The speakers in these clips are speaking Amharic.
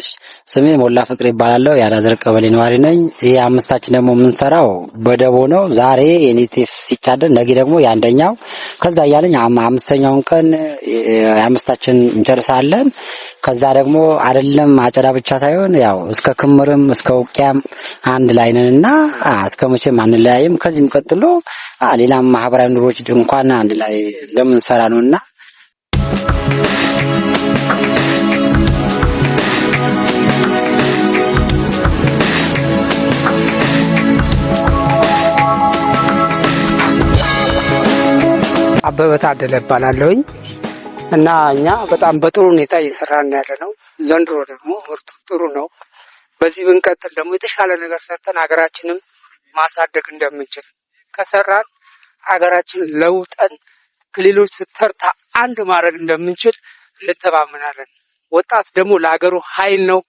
እሺ ስሜ ሞላ ፍቅር ይባላለሁ። የአዳዘር ቀበሌ ነዋሪ ነኝ። ይህ አምስታችን ደግሞ የምንሰራው በደቦ ነው። ዛሬ የኔቴፍ ሲቻደን ነገ ደግሞ የአንደኛው ከዛ እያለኝ አምስተኛውን ቀን አምስታችን እንጨርሳለን። ከዛ ደግሞ አይደለም አጨዳ ብቻ ሳይሆን ያው እስከ ክምርም እስከ ውቅያም አንድ ላይ ነን እና እስከ መቼም አንለያይም። ከዚህም ቀጥሎ ሌላም ማህበራዊ ኑሮች እንኳን አንድ ላይ ለምንሰራ ነው እና አበበ ታደለ እባላለሁኝ እና እኛ በጣም በጥሩ ሁኔታ እየሰራን ያለ ነው። ዘንድሮ ደግሞ ምርቱ ጥሩ ነው። በዚህ ብንቀጥል ደግሞ የተሻለ ነገር ሰርተን ሀገራችንም ማሳደግ እንደምንችል ከሰራን ሀገራችን ለውጠን ከሌሎች ተርታ አንድ ማድረግ እንደምንችል እንተማመናለን። ወጣት ደግሞ ለሀገሩ ኃይል ነው።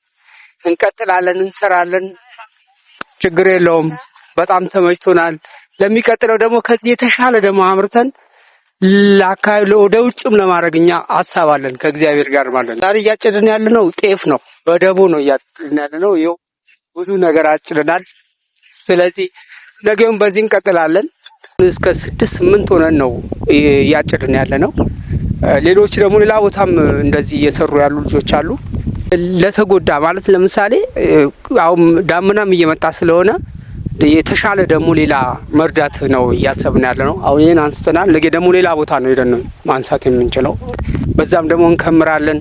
እንቀጥላለን፣ እንሰራለን። ችግር የለውም። በጣም ተመችቶናል። ለሚቀጥለው ደግሞ ከዚህ የተሻለ ደግሞ አምርተን ወደ ውጭም ለማድረግ እኛ ሀሳብ አለን ከእግዚአብሔር ጋር ማለት ነው። ዛሬ እያጨድን ያለ ነው ጤፍ ነው፣ በደቦ ነው እያጨድን ያለ ነው። ይኸው ብዙ ነገር አጭደናል። ስለዚህ ነገውን በዚህ እንቀጥላለን። እስከ ስድስት ስምንት ሆነን ነው እያጨድን ያለ ነው። ሌሎች ደግሞ ሌላ ቦታም እንደዚህ እየሰሩ ያሉ ልጆች አሉ። ለተጎዳ ማለት ለምሳሌ አሁን ዳመናም እየመጣ ስለሆነ የተሻለ ደግሞ ሌላ መርዳት ነው እያሰብን ያለ ነው። አሁን ይህን አንስተናል። ነገ ደግሞ ሌላ ቦታ ነው ሄደን ማንሳት የምንችለው። በዛም ደግሞ እንከምራለን።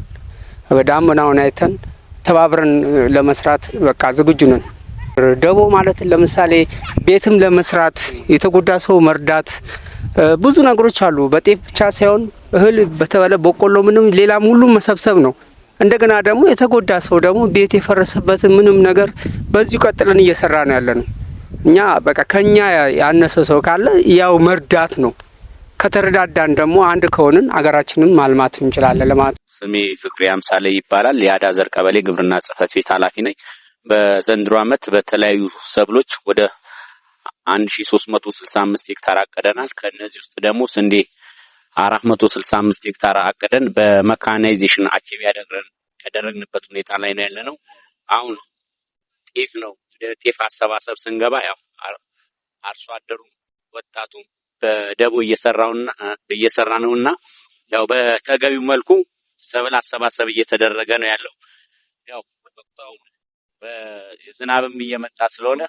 ዳመናውን አይተን ተባብረን ለመስራት በቃ ዝግጁ ነን። ደቦ ማለት ለምሳሌ ቤትም ለመስራት የተጎዳ ሰው መርዳት ብዙ ነገሮች አሉ። በጤፍ ብቻ ሳይሆን እህል በተባለ በቆሎ፣ ምንም ሌላም ሁሉ መሰብሰብ ነው። እንደገና ደግሞ የተጎዳ ሰው ደግሞ ቤት የፈረሰበት ምንም ነገር በዚሁ ቀጥለን እየሰራ ነው ያለ ነው። እኛ በቃ ከኛ ያነሰ ሰው ካለ ያው መርዳት ነው። ከተረዳዳን ደግሞ አንድ ከሆንን አገራችንን ማልማት እንችላለን ለማለት ነው። ስሜ ፍቅሪ አምሳሌ ይባላል። የአዳዘር ቀበሌ ግብርና ጽህፈት ቤት ኃላፊ ነኝ። በዘንድሮ ዓመት በተለያዩ ሰብሎች ወደ 1365 ሄክታር አቅደናል። ከነዚህ ውስጥ ደግሞ ስንዴ 465 ሄክታር አቅደን በመካናይዜሽን አክቲቭ ያደረግንበት ሁኔታ ላይ ነው ያለነው። አሁን ጤፍ ነው ወደ ጤፍ አሰባሰብ ስንገባ ያው አርሶ አደሩ ወጣቱ በደቦ እየሰራውና እየሰራ ነውና ያው በተገቢው መልኩ ሰብል አሰባሰብ እየተደረገ ነው ያለው። ያው ዝናብም እየመጣ ስለሆነ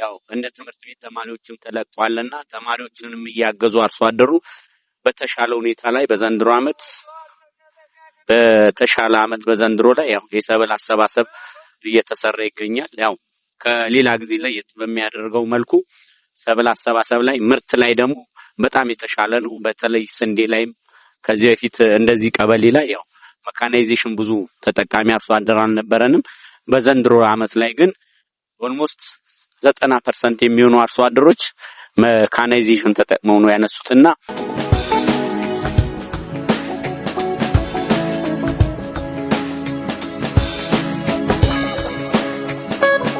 ያው እንደ ትምህርት ቤት ተማሪዎችም ተለቋልና ተማሪዎችንም እያገዙ አርሶ አደሩ በተሻለ ሁኔታ ላይ በዘንድሮ ዓመት በተሻለ ዓመት በዘንድሮ ላይ ያው የሰብል አሰባሰብ እየተሰራ ይገኛል ያው ከሌላ ጊዜ ለየት በሚያደርገው መልኩ ሰብል አሰባሰብ ላይ ምርት ላይ ደግሞ በጣም የተሻለ ነው። በተለይ ስንዴ ላይም ከዚህ በፊት እንደዚህ ቀበሌ ላይ ያው መካናይዜሽን ብዙ ተጠቃሚ አርሶ አደር አልነበረንም። በዘንድሮ ዓመት ላይ ግን ኦልሞስት ዘጠና ፐርሰንት የሚሆኑ አርሶ አደሮች መካናይዜሽን ተጠቅመው ነው ያነሱትና